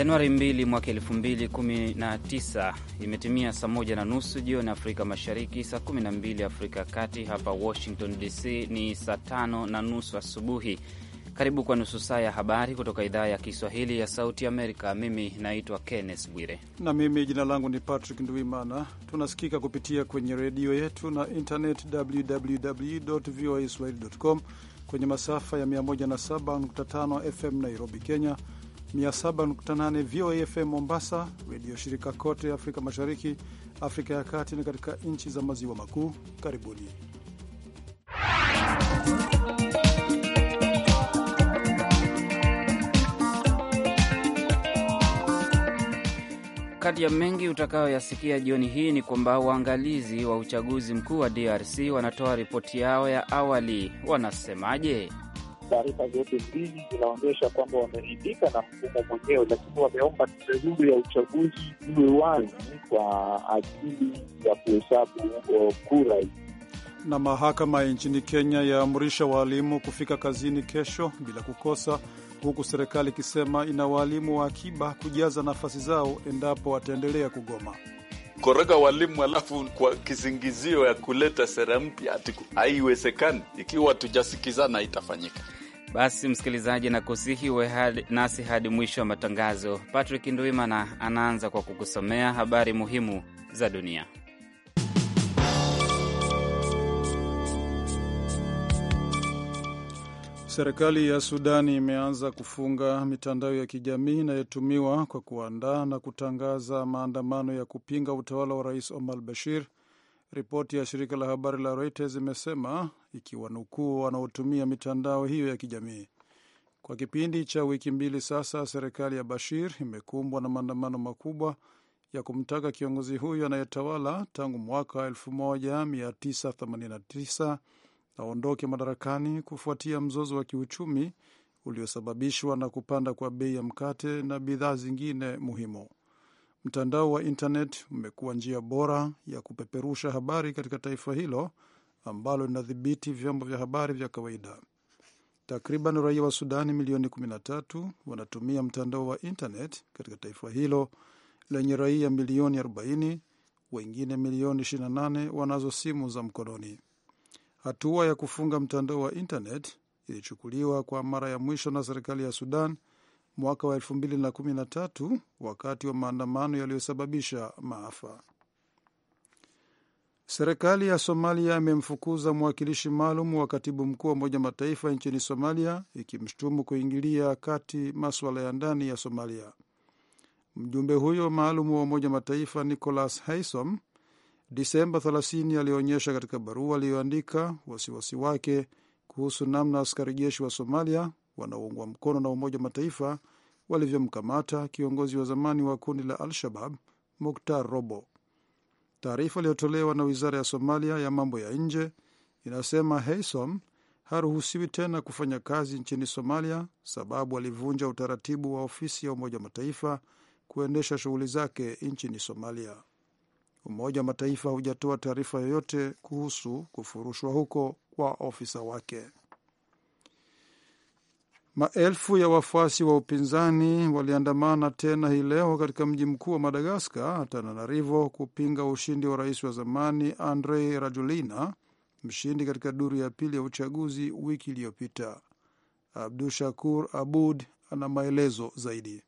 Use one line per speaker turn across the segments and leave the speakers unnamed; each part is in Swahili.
Januari 2 mwaka 2019 imetimia saa moja na nusu jioni Afrika Mashariki, saa 12 Afrika ya Kati. Hapa Washington DC ni saa tano na nusu asubuhi. Karibu kwa nusu saa ya habari kutoka idhaa ya Kiswahili ya Sauti Amerika. Mimi naitwa Kenneth Bwire
na mimi jina langu ni Patrick Nduimana. Tunasikika kupitia kwenye redio yetu na internet www voa swahili com, kwenye masafa ya 107.5 FM Nairobi, Kenya, 107.8 VOA FM Mombasa, redio shirika kote Afrika Mashariki, Afrika ya Kati na katika nchi za maziwa makuu. Karibuni.
Kati ya mengi utakayoyasikia jioni hii ni kwamba waangalizi wa uchaguzi mkuu wa DRC wanatoa ripoti yao ya awali. Wanasemaje?
Taarifa zote mbili zinaonyesha kwamba wameridhika na mfumo mwenyewe, lakini wameomba tume huru ya uchaguzi iwe wazi kwa ajili ya kuhesabu uh, kura.
Na mahakama nchini Kenya yaamrisha waalimu kufika kazini kesho bila kukosa, huku serikali ikisema ina waalimu wa akiba kujaza nafasi zao endapo wataendelea kugoma
koroga walimu alafu kwa kisingizio ya kuleta sera mpya haiwezekani. Ikiwa tujasikizana, itafanyika
basi msikilizaji, nakusihi uwe nasi hadi mwisho wa matangazo. Patrick Ndwimana anaanza kwa kukusomea habari muhimu za dunia.
Serikali ya Sudani imeanza kufunga mitandao ya kijamii inayotumiwa kwa kuandaa na kutangaza maandamano ya kupinga utawala wa rais Omar Bashir Ripoti ya shirika la habari la Reuters imesema ikiwanukuu wanaotumia mitandao hiyo ya kijamii. Kwa kipindi cha wiki mbili sasa, serikali ya Bashir imekumbwa na maandamano makubwa ya kumtaka kiongozi huyo anayetawala tangu mwaka 1989 aondoke madarakani kufuatia mzozo wa kiuchumi uliosababishwa na kupanda kwa bei ya mkate na bidhaa zingine muhimu. Mtandao wa intnet umekuwa njia bora ya kupeperusha habari katika taifa hilo ambalo linadhibiti vyombo vya habari vya kawaida. Takriban raia wa Sudani milioni 13 wanatumia mtandao wa intnet katika taifa hilo lenye raia milioni 40. Wengine milioni 28 wanazo simu za mkononi. Hatua ya kufunga mtandao wa intnet ilichukuliwa kwa mara ya mwisho na serikali ya Sudan mwaka wa 2013 wakati wa maandamano yaliyosababisha maafa. Serikali ya Somalia imemfukuza mwakilishi maalum wa katibu mkuu wa Umoja Mataifa nchini Somalia, ikimshutumu kuingilia kati maswala ya ndani ya Somalia. Mjumbe huyo maalum wa Umoja Mataifa nicolas Haysom Disemba 30 alionyesha katika barua aliyoandika wasiwasi wake kuhusu namna askari jeshi wa Somalia wanaoungwa mkono na Umoja Mataifa walivyomkamata kiongozi wa zamani wa kundi la Al-Shabab Muktar Robo. Taarifa iliyotolewa na wizara ya Somalia ya mambo ya nje inasema heysom haruhusiwi tena kufanya kazi nchini Somalia sababu alivunja utaratibu wa ofisi ya Umoja wa Mataifa kuendesha shughuli zake nchini Somalia. Umoja wa Mataifa hujatoa taarifa yoyote kuhusu kufurushwa huko kwa ofisa wake. Maelfu ya wafuasi wa upinzani waliandamana tena hii leo katika mji mkuu wa Madagaskar, Tananarivo, kupinga ushindi wa rais wa zamani andrei rajolina mshindi katika duru ya pili ya uchaguzi wiki iliyopita. Abdu Shakur Abud ana maelezo zaidi.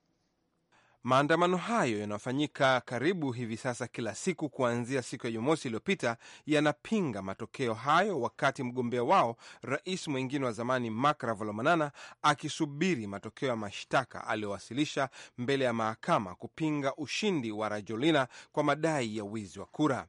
Maandamano hayo yanayofanyika karibu hivi sasa kila siku kuanzia siku ya Jumamosi iliyopita yanapinga matokeo hayo, wakati mgombea wao rais mwingine wa zamani Marc Ravalomanana akisubiri matokeo ya mashtaka aliyowasilisha mbele ya mahakama kupinga ushindi wa Rajolina kwa madai ya wizi wa kura.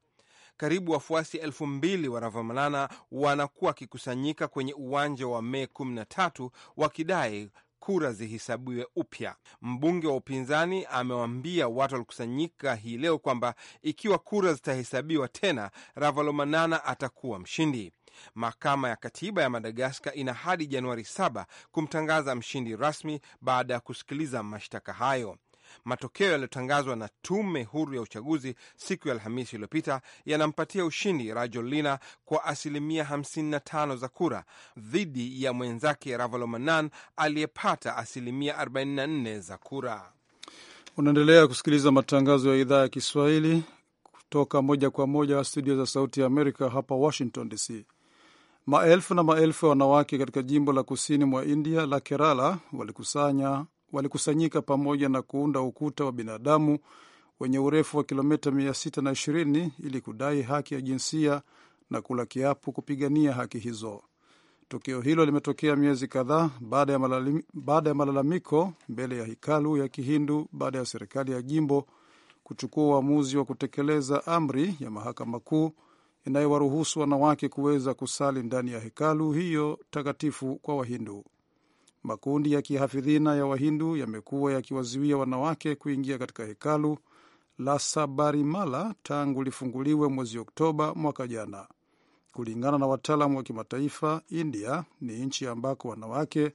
Karibu wafuasi elfu mbili wa Ravamanana wanakuwa wakikusanyika kwenye uwanja wa Mei 13 wakidai kura zihesabiwe upya. Mbunge wa upinzani amewaambia watu walikusanyika hii leo kwamba ikiwa kura zitahesabiwa tena, Ravalomanana atakuwa mshindi. Mahakama ya Katiba ya Madagaskar ina hadi Januari 7 kumtangaza mshindi rasmi baada ya kusikiliza mashtaka hayo matokeo yaliyotangazwa na tume huru ya uchaguzi siku ya Alhamisi iliyopita yanampatia ushindi Rajolina kwa asilimia 55 za kura dhidi ya mwenzake Ravalomanan aliyepata asilimia 44 za kura.
Unaendelea kusikiliza matangazo ya idhaa ya Kiswahili kutoka moja kwa moja studio za Sauti ya Amerika hapa Washington DC. Maelfu na maelfu ya wanawake katika jimbo la kusini mwa India la Kerala walikusanya walikusanyika pamoja na kuunda ukuta wa binadamu wenye urefu wa kilomita 620 ili kudai haki ya jinsia na kula kiapu kupigania haki hizo. Tukio hilo limetokea miezi kadhaa baada baada ya malalamiko mbele ya hekalu ya Kihindu baada ya serikali ya jimbo kuchukua uamuzi wa kutekeleza amri ya mahakama kuu inayowaruhusu wanawake kuweza kusali ndani ya hekalu hiyo takatifu kwa Wahindu. Makundi ya kihafidhina ya Wahindu yamekuwa yakiwazuia wanawake kuingia katika hekalu la Sabarimala tangu lifunguliwe mwezi Oktoba mwaka jana. Kulingana na wataalamu wa kimataifa, India ni nchi ambako wanawake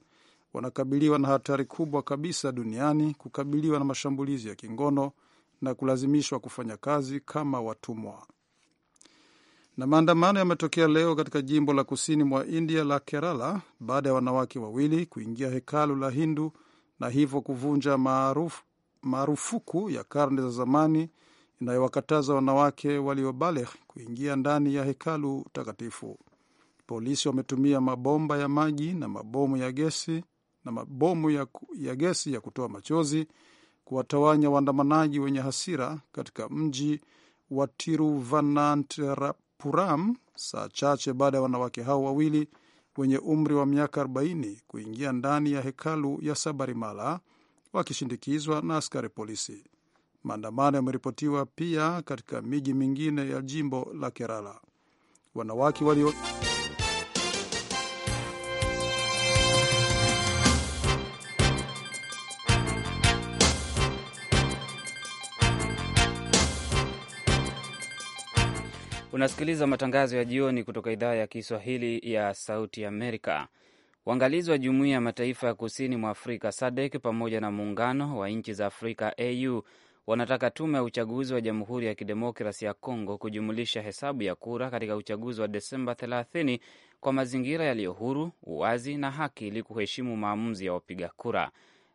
wanakabiliwa na hatari kubwa kabisa duniani kukabiliwa na mashambulizi ya kingono na kulazimishwa kufanya kazi kama watumwa. Na maandamano yametokea leo katika jimbo la kusini mwa India la Kerala baada ya wanawake wawili kuingia hekalu la Hindu na hivyo kuvunja maaruf, marufuku ya karne za zamani inayowakataza wanawake waliobaleh kuingia ndani ya hekalu takatifu. Polisi wametumia mabomba ya maji na mabomu ya gesi na mabomu ya, ya gesi ya kutoa machozi kuwatawanya waandamanaji wenye hasira katika mji wa Tiruvananthapuram Puram saa chache baada ya wanawake hao wawili wenye umri wa miaka 40 kuingia ndani ya hekalu ya Sabarimala wakishindikizwa na askari polisi. Maandamano yameripotiwa pia katika miji mingine ya jimbo la Kerala. Wanawake walio
Unasikiliza matangazo ya jioni kutoka idhaa ya Kiswahili ya Sauti Amerika. uangalizi wa Jumuiya ya Mataifa ya Kusini mwa Afrika SADEK pamoja na Muungano wa Nchi za Afrika AU wanataka tume ya uchaguzi wa Jamhuri ya Kidemokrasi ya congo kujumulisha hesabu ya kura katika uchaguzi wa Desemba 30 kwa mazingira yaliyo huru, uwazi na haki ili kuheshimu maamuzi ya wapiga kura.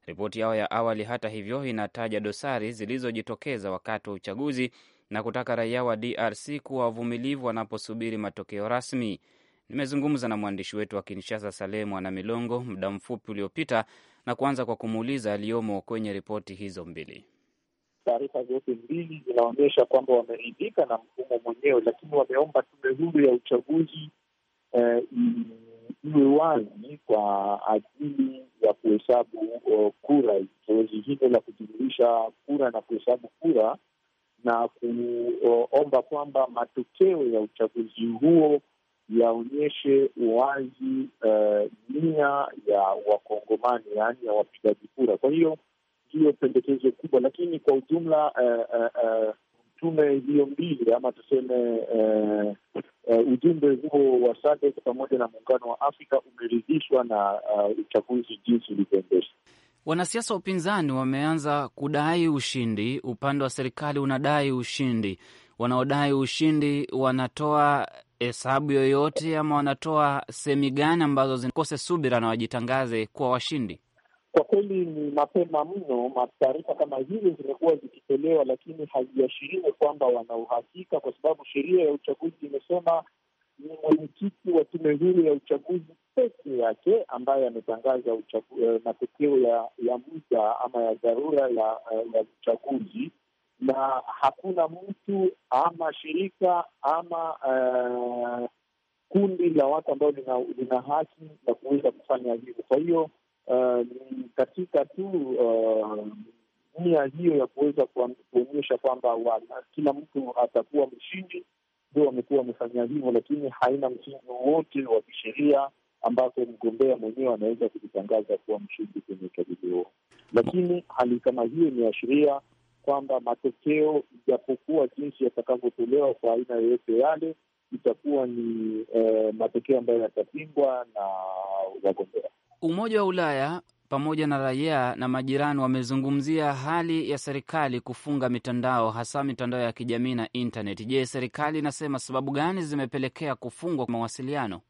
Ripoti yao ya awali, hata hivyo, inataja dosari zilizojitokeza wakati wa uchaguzi na kutaka raia wa DRC kuwa wavumilivu wanaposubiri matokeo rasmi. Nimezungumza na mwandishi wetu wa Kinshasa, Saleh Mwana Milongo, muda mfupi uliopita na kuanza kwa kumuuliza aliyomo kwenye ripoti hizo mbili.
Taarifa zote mbili zinaonyesha kwamba wameridhika na mfumo mwenyewe, lakini wameomba tume huru ya uchaguzi eh, iwe wazi kwa ajili ya kuhesabu oh, kura. Zoezi hilo la kujumulisha kura na kuhesabu kura na kuomba kwamba matokeo ya uchaguzi huo yaonyeshe wazi uh, eh, ya Wakongomani, yaani ya wapigaji kura. Kwa hiyo ndiyo pendekezo kubwa, lakini kwa ujumla uh, uh, uh, tume hiyo mbili ama tuseme uh, uh, ujumbe huo wa SADC pamoja na Muungano wa Afrika umeridhishwa na uh, uchaguzi jinsi ulivyoendesha
Wanasiasa wa upinzani wameanza kudai ushindi, upande wa serikali unadai ushindi. Wanaodai ushindi wanatoa hesabu yoyote ama wanatoa semi gani ambazo zinakose subira na wajitangaze kuwa washindi?
Kwa kweli ni mapema mno. Taarifa kama hizo zimekuwa zikitolewa, lakini haziashiriwe kwamba wana uhakika, kwa sababu sheria ya uchaguzi imesema ni mwenyekiti wa tume huru ya uchaguzi peke yake ambaye ametangaza eh, matokeo ya ya muda ama ya dharura ya, eh, ya uchaguzi, na hakuna mtu ama shirika ama uh, kundi la watu ambao lina, lina haki ya kuweza kufanya hivyo. Kwa hiyo ni uh, katika tu uh, nia hiyo ya kuweza kuonyesha kwamba kila mtu atakuwa mshindi ndio wamekuwa wamefanya hivyo, lakini haina msingi wowote wa kisheria ambapo mgombea mwenyewe anaweza kujitangaza kuwa mshindi kwenye uchaguzi huo. Lakini hali kama hiyo imeashiria kwamba matokeo ijapokuwa jinsi yatakavyotolewa kwa aina yoyote yale itakuwa ni eh, matokeo ambayo yatapingwa na wagombea.
Umoja wa Ulaya pamoja na raia na majirani wamezungumzia hali ya serikali kufunga mitandao hasa mitandao ya kijamii na intaneti. Je, serikali inasema sababu gani zimepelekea kufungwa mawasiliano?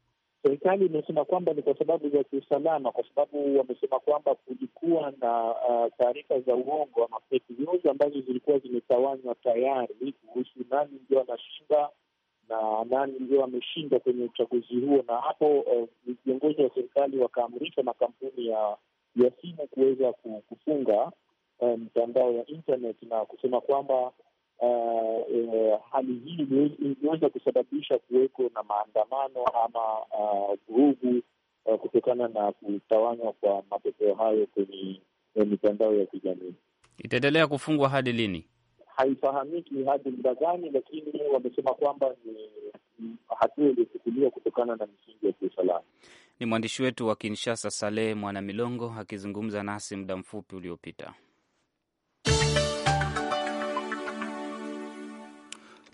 Serikali imesema kwamba ni kwa sababu za kiusalama, kwa sababu wamesema kwamba kulikuwa na uh, taarifa za uongo ama fake news ambazo zilikuwa zimetawanywa tayari kuhusu nani ndio anashinda na nani ndio ameshinda kwenye uchaguzi huo, na hapo uh, viongozi uh, wa serikali wakaamrisha makampuni ya ya simu kuweza kufunga eh, mtandao um, ya internet na kusema kwamba uh, uh, hali hii iliweza kusababisha kuweko na maandamano ama vurugu uh, uh, kutokana na kutawanywa kwa matokeo hayo kwenye mitandao ya kijamii. Itaendelea kufungwa hadi lini? Haifahamiki hadi muda gani, lakini wamesema kwamba ni hatua iliyochukuliwa kutokana na misingi ya kiusalama.
Ni mwandishi wetu wa Kinshasa, Saleh Mwanamilongo, akizungumza nasi muda mfupi uliopita.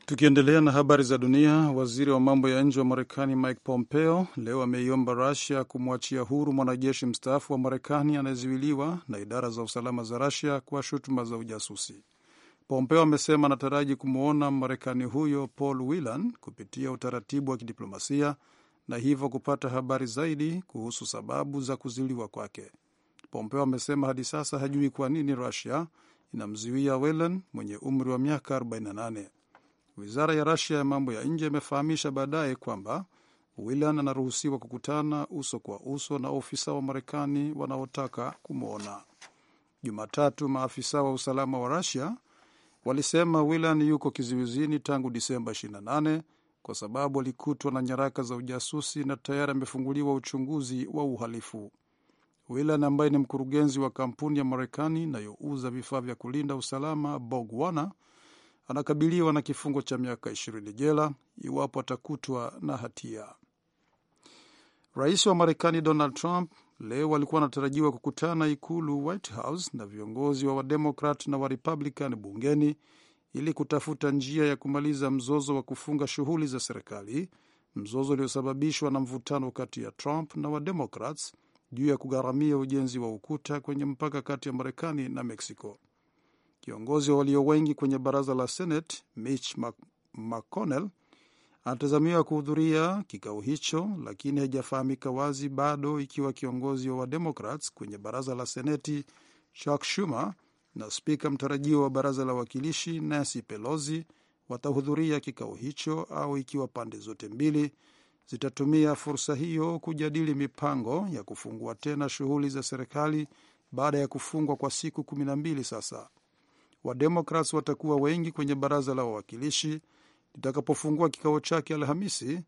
Tukiendelea na habari za dunia, waziri wa mambo ya nje wa Marekani Mike Pompeo leo ameiomba Rusia kumwachia huru mwanajeshi mstaafu wa Marekani anayezuiliwa na idara za usalama za Rusia kwa shutuma za ujasusi. Pompeo amesema anataraji kumwona Marekani huyo Paul Whelan kupitia utaratibu wa kidiplomasia na hivyo kupata habari zaidi kuhusu sababu za kuzuiliwa kwake. Pompeo amesema hadi sasa hajui kwa nini Rusia inamzuia Whelan mwenye umri wa miaka 48. Wizara ya Rusia ya mambo ya nje imefahamisha baadaye kwamba Whelan anaruhusiwa kukutana uso kwa uso na ofisa wa Marekani wanaotaka kumwona. Jumatatu, maafisa wa usalama wa Rusia walisema Whelan yuko kizuizini tangu Disemba 28 kwa sababu alikutwa na nyaraka za ujasusi na tayari amefunguliwa uchunguzi wa uhalifu. Whelan ambaye ni mkurugenzi wa kampuni ya Marekani inayouza vifaa vya kulinda usalama Bogwana anakabiliwa na kifungo cha miaka ishirini jela iwapo atakutwa na hatia. Rais wa Marekani Donald Trump leo alikuwa anatarajiwa kukutana ikulu White House na viongozi wa Wademokrat na Warepublican bungeni ili kutafuta njia ya kumaliza mzozo wa kufunga shughuli za serikali, mzozo uliosababishwa na mvutano kati ya Trump na Wademokrats juu ya kugharamia ujenzi wa ukuta kwenye mpaka kati ya Marekani na Meksiko. Kiongozi wa walio wengi kwenye baraza la Senate Mitch McConnell anatazamiwa kuhudhuria kikao hicho, lakini haijafahamika wazi bado ikiwa kiongozi wa Wademokrats kwenye baraza la Seneti Chuck Schumer na spika mtarajio wa baraza la wawakilishi Nancy Pelosi watahudhuria kikao hicho au ikiwa pande zote mbili zitatumia fursa hiyo kujadili mipango ya kufungua tena shughuli za serikali baada ya kufungwa kwa siku kumi na mbili sasa. Wademokrats watakuwa wengi kwenye baraza la wawakilishi litakapofungua kikao chake Alhamisi.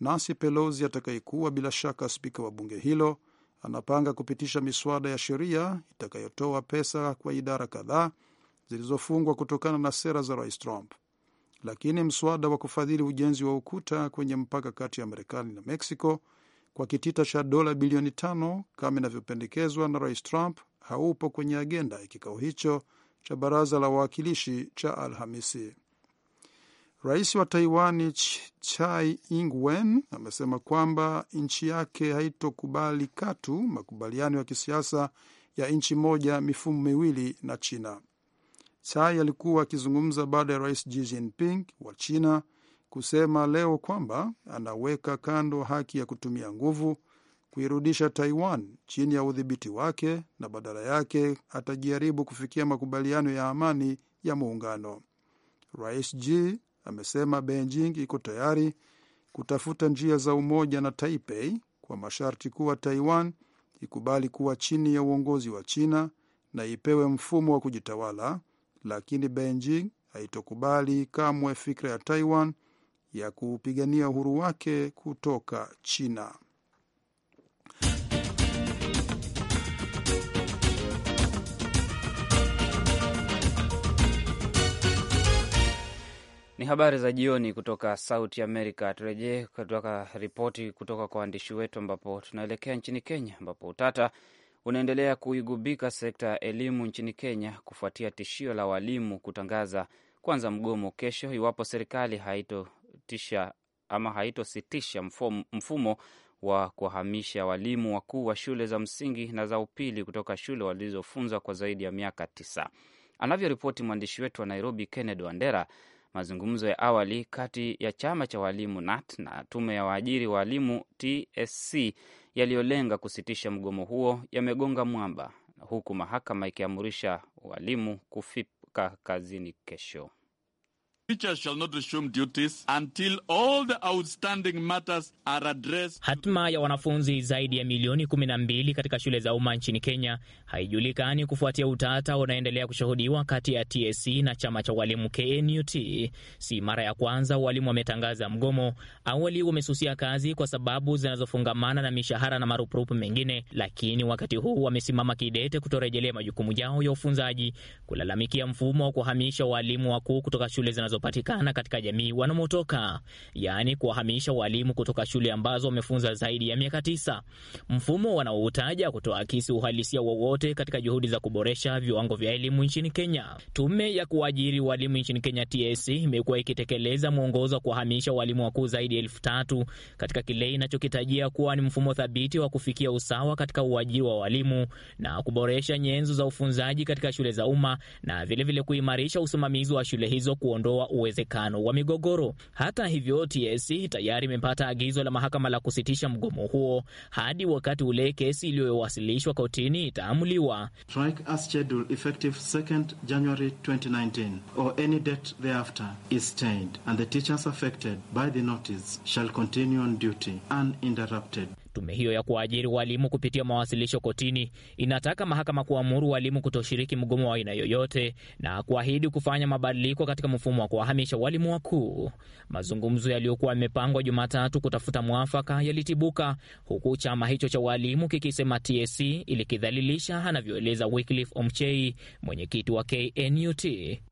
Nancy Pelosi atakayekuwa bila shaka spika wa bunge hilo anapanga kupitisha miswada ya sheria itakayotoa pesa kwa idara kadhaa zilizofungwa kutokana na sera za rais Trump. Lakini mswada wa kufadhili ujenzi wa ukuta kwenye mpaka kati ya Marekani na Mexico kwa kitita cha dola bilioni tano kama inavyopendekezwa na rais Trump haupo kwenye agenda ya kikao hicho cha baraza la wawakilishi cha Alhamisi. Rais wa Taiwan Chai Ingwen amesema kwamba nchi yake haitokubali katu makubaliano ya kisiasa ya nchi moja mifumo miwili na China. chai alikuwa akizungumza baada ya Rais Xi Jinping wa China kusema leo kwamba anaweka kando haki ya kutumia nguvu kuirudisha Taiwan chini ya udhibiti wake na badala yake atajaribu kufikia makubaliano ya amani ya muungano. Rais Xi amesema Beijing iko tayari kutafuta njia za umoja na Taipei kwa masharti kuwa Taiwan ikubali kuwa chini ya uongozi wa China na ipewe mfumo wa kujitawala, lakini Beijing haitokubali kamwe fikra ya Taiwan ya kuupigania uhuru wake kutoka China.
Ni habari za jioni kutoka Sauti Amerika. Turejee kutoka ripoti kutoka kwa waandishi wetu, ambapo tunaelekea nchini Kenya, ambapo utata unaendelea kuigubika sekta ya elimu nchini Kenya kufuatia tishio la walimu kutangaza kwanza mgomo kesho iwapo serikali haitotisha ama haitositisha mfumo wa kuwahamisha walimu wakuu wa shule za msingi na za upili kutoka shule walizofunzwa kwa zaidi ya miaka tisa, anavyoripoti mwandishi wetu wa Nairobi, Kennedy Wandera. Mazungumzo ya awali kati ya chama cha walimu NAT na tume ya waajiri waalimu TSC yaliyolenga kusitisha mgomo huo yamegonga mwamba, huku mahakama ikiamurisha walimu kufika kazini kesho.
Hatima ya wanafunzi zaidi ya milioni kumi na mbili katika shule za umma nchini Kenya haijulikani kufuatia utata unaendelea kushuhudiwa kati ya TSC na chama cha walimu KNUT. Si mara ya kwanza walimu wametangaza mgomo. Awali wamesusia kazi kwa sababu zinazofungamana na mishahara na marupurupu mengine, lakini wakati huu wamesimama kidete kutorejelea majukumu yao ya ufunzaji, kulalamikia mfumo wa kuhamisha walimu wakuu kutoka shule zinazo zinazopatikana katika jamii wanamotoka, yaani kuwahamisha walimu kutoka shule ambazo wamefunza zaidi ya miaka tisa, mfumo wanaoutaja kutoakisi uhalisia wowote katika juhudi za kuboresha viwango vya elimu nchini Kenya. Tume ya kuajiri walimu nchini Kenya TSC imekuwa ikitekeleza mwongozo wa kuwahamisha walimu wakuu zaidi ya elfu tatu katika kile inachokitajia kuwa ni mfumo thabiti wa kufikia usawa katika uajiri wa walimu na kuboresha nyenzo za ufunzaji katika shule za umma na vilevile vile kuimarisha usimamizi wa shule hizo, kuondoa uwezekano wa migogoro. Hata hivyo, TSC e tayari imepata agizo la mahakama la kusitisha mgomo huo hadi wakati ule kesi iliyowasilishwa kotini itaamuliwa.
Strike as scheduled effective 2nd January 2019 or any date thereafter is stayed and the teachers affected by the notice shall continue on duty uninterrupted. Tume hiyo
ya kuajiri walimu kupitia mawasilisho kotini inataka mahakama kuamuru walimu kutoshiriki mgomo wa aina yoyote na kuahidi kufanya mabadiliko katika mfumo wa kuwahamisha walimu wakuu. Mazungumzo yaliyokuwa yamepangwa Jumatatu kutafuta mwafaka yalitibuka, huku chama hicho cha walimu kikisema TSC ilikidhalilisha, anavyoeleza Wycliffe Omchei, mwenyekiti wa KNUT.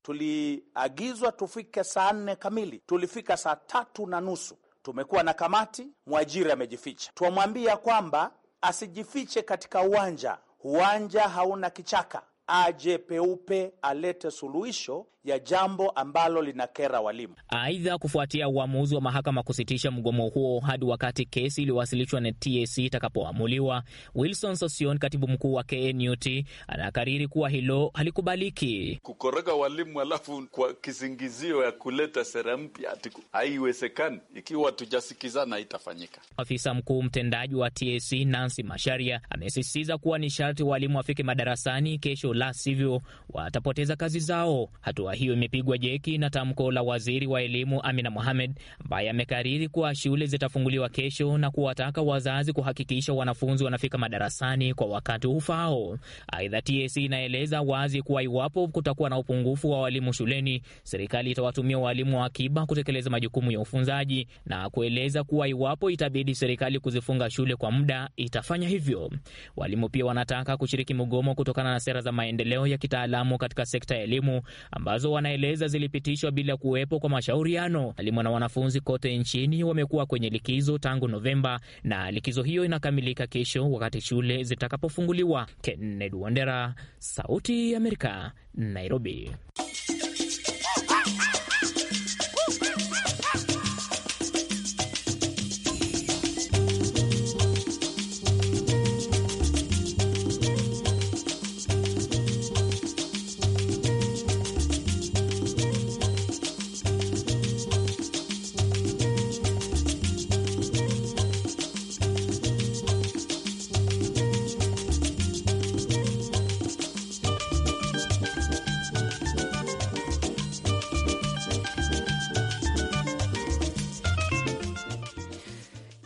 Tuliagizwa tufike saa nne kamili, tulifika saa tatu na nusu tumekuwa na kamati, mwajiri amejificha. Twamwambia kwamba asijifiche katika uwanja, uwanja hauna kichaka, aje peupe, alete suluhisho ya jambo ambalo linakera walimu.
Aidha, kufuatia uamuzi wa mahakama kusitisha mgomo huo hadi wakati kesi iliyowasilishwa na TSC itakapoamuliwa, Wilson Sosion, katibu mkuu wa KNUT, anakariri kuwa hilo halikubaliki.
Kukoroga walimu alafu kwa kisingizio ya kuleta sera mpya haiwezekani. Ikiwa tujasikizana itafanyika.
Afisa mkuu mtendaji wa TSC Nancy Masharia amesisitiza kuwa ni sharti walimu wafike madarasani kesho, la sivyo watapoteza kazi zao. Hatua hiyo imepigwa jeki na tamko la waziri wa elimu Amina Mohamed ambaye amekariri kuwa shule zitafunguliwa kesho na kuwataka wazazi kuhakikisha wanafunzi wanafika madarasani kwa wakati ufao Aidha, TSC e inaeleza wazi kuwa iwapo kutakuwa na upungufu wa walimu shuleni, serikali itawatumia walimu wa akiba kutekeleza majukumu ya ufunzaji na kueleza kuwa iwapo itabidi serikali kuzifunga shule kwa muda itafanya hivyo. Walimu pia wanataka kushiriki mgomo kutokana na sera za maendeleo ya kitaalamu katika sekta ya elimu ambazo ambazo wanaeleza zilipitishwa bila kuwepo kwa mashauriano. Walimu na wanafunzi kote nchini wamekuwa kwenye likizo tangu Novemba na likizo hiyo inakamilika kesho wakati shule zitakapofunguliwa. Kennedy Wandera, Sauti ya Amerika, Nairobi.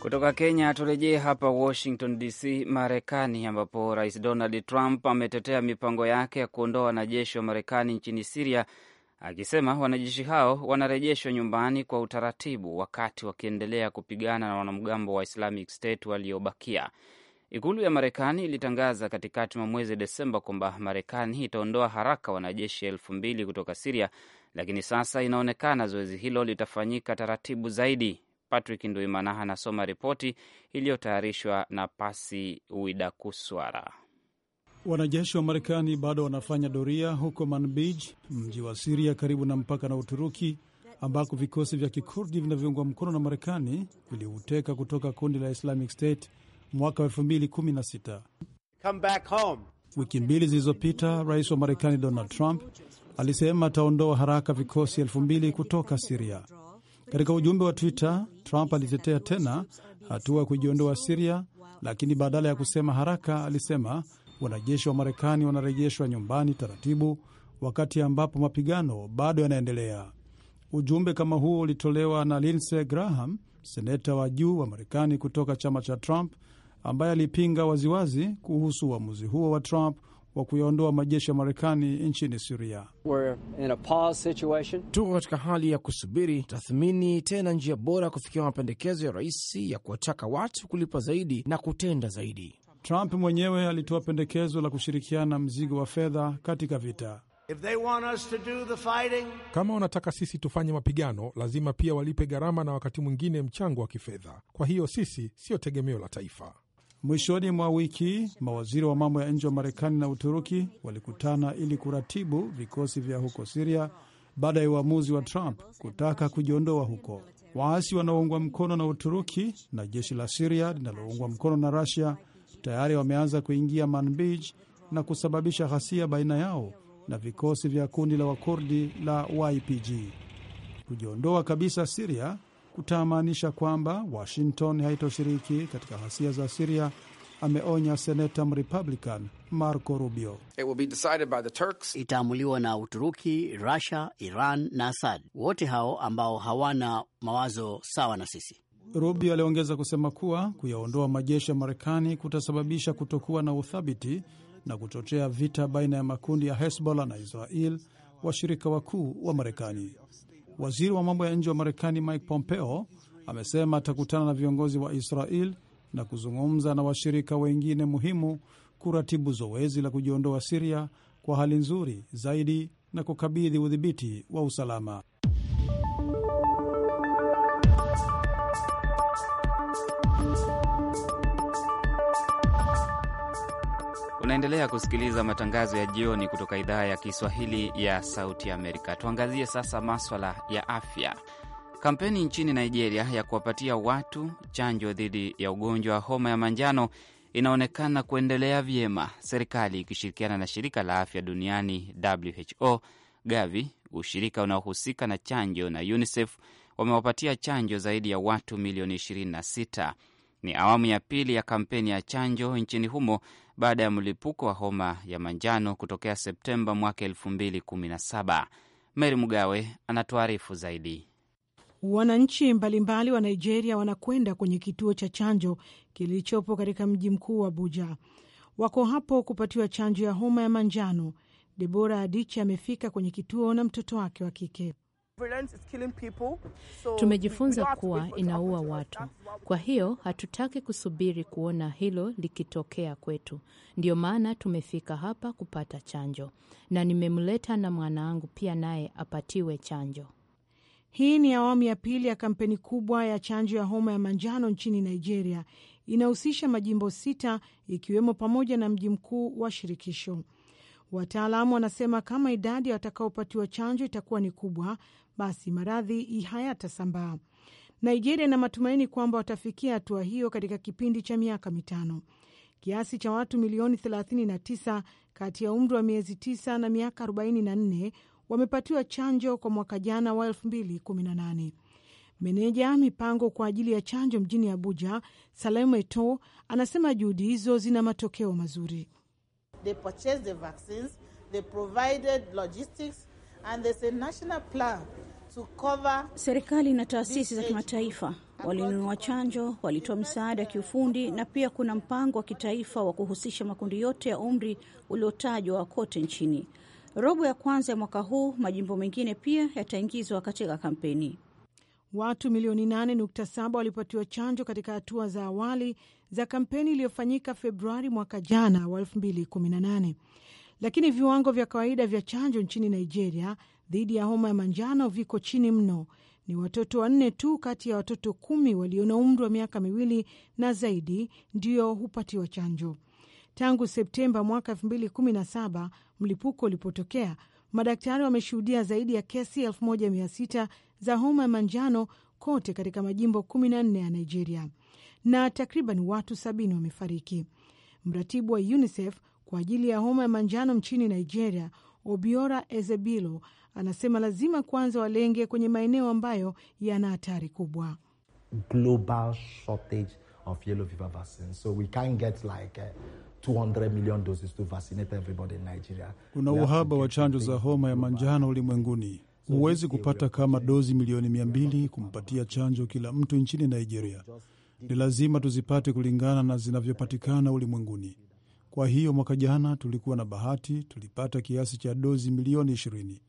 Kutoka Kenya turejee hapa Washington DC, Marekani, ambapo Rais Donald Trump ametetea mipango yake ya kuondoa wanajeshi wa Marekani nchini Siria, akisema wanajeshi hao wanarejeshwa nyumbani kwa utaratibu, wakati wakiendelea kupigana na wanamgambo wa Islamic State waliobakia. Ikulu ya Marekani ilitangaza katikati mwa mwezi Desemba kwamba Marekani itaondoa haraka wanajeshi elfu mbili kutoka Siria, lakini sasa inaonekana zoezi hilo litafanyika taratibu zaidi. Patrick Nduimana anasoma ripoti iliyotayarishwa na Pasi Widakuswara.
Wanajeshi wa Marekani bado wanafanya doria huko Manbij, mji wa Siria karibu na mpaka na Uturuki, ambako vikosi vya kikurdi vinavyoungwa mkono na Marekani viliuteka kutoka kundi la Islamic State mwaka wa 2016. Wiki mbili zilizopita, rais wa Marekani Donald Trump alisema ataondoa haraka vikosi elfu mbili kutoka Siria. Katika ujumbe wa Twitter, Trump alitetea tena hatua ya kujiondoa Siria, lakini badala ya kusema haraka alisema wanajeshi wa Marekani wanarejeshwa nyumbani taratibu, wakati ambapo mapigano bado yanaendelea. Ujumbe kama huo ulitolewa na Lindsey Graham, seneta wa juu wa Marekani kutoka chama cha Trump, ambaye alipinga waziwazi kuhusu uamuzi huo wa Trump wa kuyaondoa majeshi ya Marekani nchini Siria.
Tuko katika hali ya kusubiri tathmini tena njia bora kufikia mapendekezo ya rais ya kuwataka watu kulipa zaidi na kutenda zaidi. Trump mwenyewe
alitoa pendekezo la kushirikiana mzigo wa fedha katika vita.
If they want us to do the fighting,
kama wanataka sisi tufanye mapigano lazima pia walipe gharama na wakati mwingine mchango
wa kifedha. Kwa hiyo sisi siyo tegemeo la taifa.
Mwishoni mwa wiki mawaziri wa mambo ya nje wa Marekani na Uturuki walikutana ili kuratibu vikosi vya huko Siria baada ya uamuzi wa Trump kutaka kujiondoa huko. Waasi wanaoungwa mkono na Uturuki na jeshi la Siria linaloungwa mkono na Rasia tayari wameanza kuingia Manbij na kusababisha ghasia baina yao na vikosi vya kundi la Wakurdi la YPG. Kujiondoa kabisa Siria kutamaanisha kwamba Washington haitoshiriki katika ghasia za Siria, ameonya seneta Mrepublican Marco Rubio.
Itaamuliwa na Uturuki,
Rusia, Iran na asad wote hao ambao hawana mawazo sawa na sisi.
Rubio aliongeza kusema kuwa kuyaondoa majeshi ya Marekani kutasababisha kutokuwa na uthabiti na kuchochea vita baina ya makundi ya Hezbollah na Israel, washirika wakuu wa Marekani. Waziri wa mambo ya nje wa Marekani Mike Pompeo amesema atakutana na viongozi wa Israel na kuzungumza na washirika wengine muhimu kuratibu zoezi la kujiondoa Siria kwa hali nzuri zaidi na kukabidhi udhibiti wa usalama.
Unaendelea kusikiliza matangazo ya jioni kutoka idhaa ya Kiswahili ya Sauti Amerika. Tuangazie sasa maswala ya afya. Kampeni nchini Nigeria ya kuwapatia watu chanjo dhidi ya ugonjwa wa homa ya manjano inaonekana kuendelea vyema, serikali ikishirikiana na shirika la afya duniani WHO, Gavi, ushirika unaohusika na chanjo na UNICEF wamewapatia chanjo zaidi ya watu milioni 26. Ni awamu ya pili ya kampeni ya chanjo nchini humo baada ya mlipuko wa homa ya manjano kutokea Septemba mwaka 2017. Mary Mugawe anatuarifu zaidi.
Wananchi mbalimbali wa Nigeria wanakwenda kwenye kituo cha chanjo kilichopo katika mji mkuu wa Abuja. Wako hapo kupatiwa chanjo ya homa ya manjano. Debora Adichi amefika kwenye kituo na mtoto wake wa kike tumejifunza kuwa inaua watu. Kwa hiyo hatutaki kusubiri kuona hilo likitokea kwetu. ndio maana tumefika hapa kupata chanjo, na nimemleta na mwanaangu pia, naye apatiwe chanjo. Hii ni awamu ya pili ya kampeni kubwa ya chanjo ya homa ya manjano nchini Nigeria. Inahusisha majimbo sita ikiwemo pamoja na mji mkuu wa shirikisho. Wataalamu wanasema kama idadi ya watakaopatiwa chanjo itakuwa ni kubwa, basi maradhi hayatasambaa. Nigeria ina matumaini kwamba watafikia hatua hiyo katika kipindi cha miaka mitano. Kiasi cha watu milioni 39 kati ya umri wa miezi 9 na miaka 44 wamepatiwa chanjo kwa mwaka jana wa 2018. Meneja mipango kwa ajili ya chanjo mjini Abuja, Salemu Eto, anasema juhudi hizo zina matokeo mazuri. They purchased the vaccines, they provided logistics, and there's a national plan Serikali na taasisi za kimataifa walinunua chanjo, walitoa msaada kiufundi, na pia kuna mpango wa kitaifa wa kuhusisha makundi yote ya umri uliotajwa kote nchini. Robo ya kwanza ya mwaka huu, majimbo mengine pia yataingizwa katika kampeni. Watu milioni 8.7 walipatiwa chanjo katika hatua za awali za kampeni iliyofanyika Februari mwaka jana wa 2018, lakini viwango vya kawaida vya chanjo nchini Nigeria dhidi ya homa ya manjano viko chini mno. Ni watoto wanne tu kati ya watoto kumi walio na umri wa miaka miwili na zaidi ndio hupatiwa chanjo. Tangu Septemba mwaka 2017 mlipuko ulipotokea, madaktari wameshuhudia zaidi ya kesi 1600 za homa ya manjano kote katika majimbo 14 ya Nigeria na takriban watu sabini wamefariki. Mratibu wa UNICEF kwa ajili ya homa ya manjano nchini Nigeria, Obiora Ezebilo Anasema lazima kwanza walenge kwenye maeneo ambayo yana hatari kubwa.
Global shortage of yellow fever vaccine. So we can't get like, 200 uh, million doses to vaccinate everybody in Nigeria. Kuna uhaba
wa chanjo za homa ya manjano ulimwenguni. Huwezi kupata kama dozi milioni mia mbili kumpatia chanjo kila mtu nchini Nigeria. Ni lazima tuzipate kulingana na zinavyopatikana ulimwenguni. Kwa hiyo mwaka jana tulikuwa na bahati, tulipata kiasi cha dozi milioni ishirini.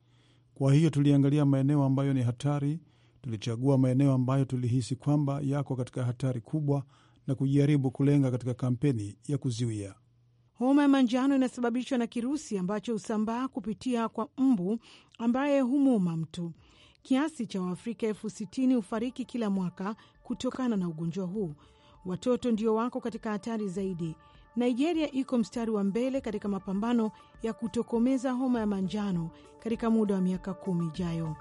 Kwa hiyo tuliangalia maeneo ambayo ni hatari, tulichagua maeneo ambayo tulihisi kwamba yako katika hatari kubwa na kujaribu kulenga katika kampeni ya kuziwia.
Homa ya manjano inasababishwa na kirusi ambacho husambaa kupitia kwa mbu ambaye humuuma mtu. Kiasi cha Waafrika elfu sitini hufariki kila mwaka kutokana na ugonjwa huu. Watoto ndio wako katika hatari zaidi, Nigeria iko mstari wa mbele katika mapambano ya kutokomeza homa ya manjano katika muda wa miaka kumi ijayo.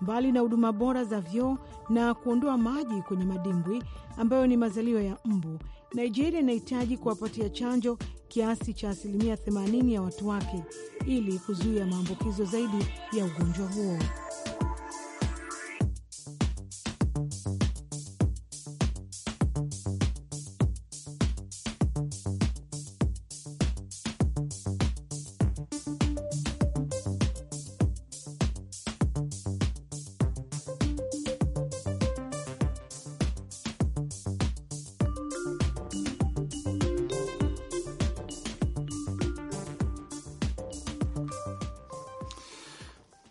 Mbali na huduma bora za vyoo na kuondoa maji kwenye madimbwi ambayo ni mazalio ya mbu, Nigeria inahitaji kuwapatia chanjo kiasi cha asilimia 80 ya watu wake ili kuzuia maambukizo zaidi ya ugonjwa huo.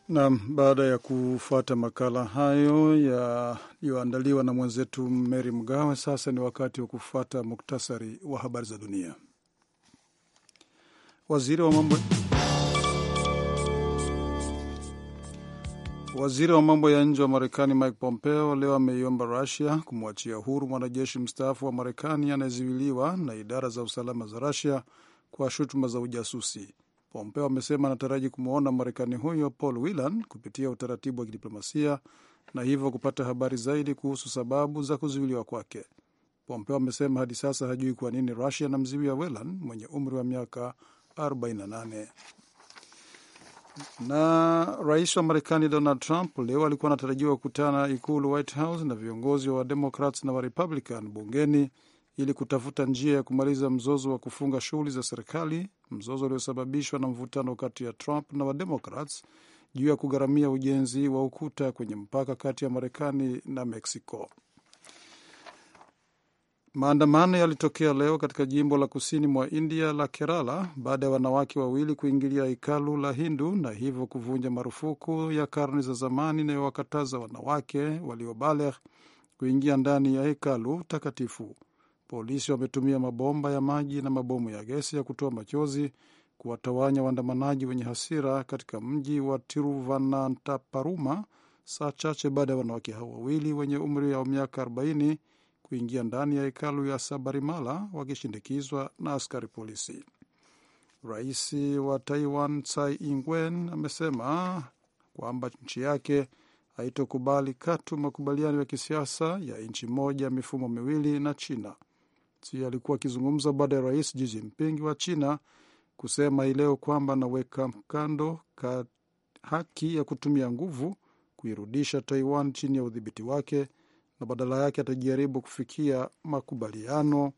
Naam, baada ya kufuata makala hayo yaliyoandaliwa na mwenzetu Meri Mgawe, sasa ni wakati wa kufuata muktasari wa habari za dunia. Waziri wa mambo Waziri wa mambo ya nje wa Marekani Mike Pompeo leo ameiomba Rusia kumwachia huru mwanajeshi mstaafu wa Marekani anayezuiliwa na idara za usalama za Rusia kwa shutuma za ujasusi. Pompeo amesema anataraji kumwona Marekani huyo Paul Whelan kupitia utaratibu wa kidiplomasia na hivyo kupata habari zaidi kuhusu sababu za kuzuiliwa kwake. Pompeo amesema hadi sasa hajui kwa nini Rusia anamzuia Whelan mwenye umri wa miaka 48. Na rais wa Marekani Donald Trump leo alikuwa anatarajiwa kukutana ikulu White House na viongozi wa Democrats na Warepublican bungeni ili kutafuta njia ya kumaliza mzozo wa kufunga shughuli za serikali, mzozo uliosababishwa na mvutano kati ya Trump na Wademokrats juu ya kugharamia ujenzi wa ukuta kwenye mpaka kati ya Marekani na Mexico. Maandamano yalitokea leo katika jimbo la kusini mwa India la Kerala baada ya wanawake wawili kuingilia hekalu la Hindu na hivyo kuvunja marufuku ya karne za zamani inayowakataza wanawake waliobalegh kuingia ndani ya hekalu takatifu. Polisi wametumia mabomba ya maji na mabomu ya gesi ya kutoa machozi kuwatawanya waandamanaji wenye hasira katika mji wa tiruvanantaparuma saa chache baada ya wanawake hao wawili wenye umri wa miaka 40 kuingia ndani ya hekalu ya Sabarimala wakishindikizwa na askari polisi. Rais wa Taiwan Tsai Ing-wen amesema kwamba nchi yake haitokubali katu makubaliano ya kisiasa ya nchi moja mifumo miwili na China. Xi alikuwa akizungumza baada ya rais Xi Jinping wa China kusema hii leo kwamba anaweka kando ka haki ya kutumia nguvu kuirudisha Taiwan chini ya udhibiti wake na badala yake atajaribu kufikia makubaliano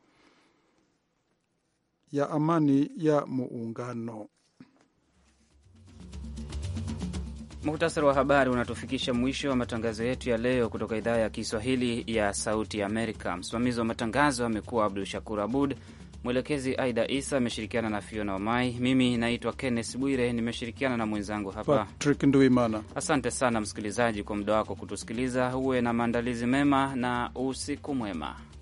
ya amani ya muungano.
Muhtasari wa habari unatufikisha mwisho wa matangazo yetu ya leo kutoka idhaa ya Kiswahili ya Sauti Amerika. Msimamizi wa matangazo amekuwa abdu Shakur Abud, mwelekezi Aida Isa ameshirikiana na Fiona Wamai. Mimi naitwa Kenneth Bwire, nimeshirikiana na mwenzangu hapa
Patrick Nduimana.
Asante sana msikilizaji kwa muda wako kutusikiliza. Uwe na maandalizi mema na usiku mwema.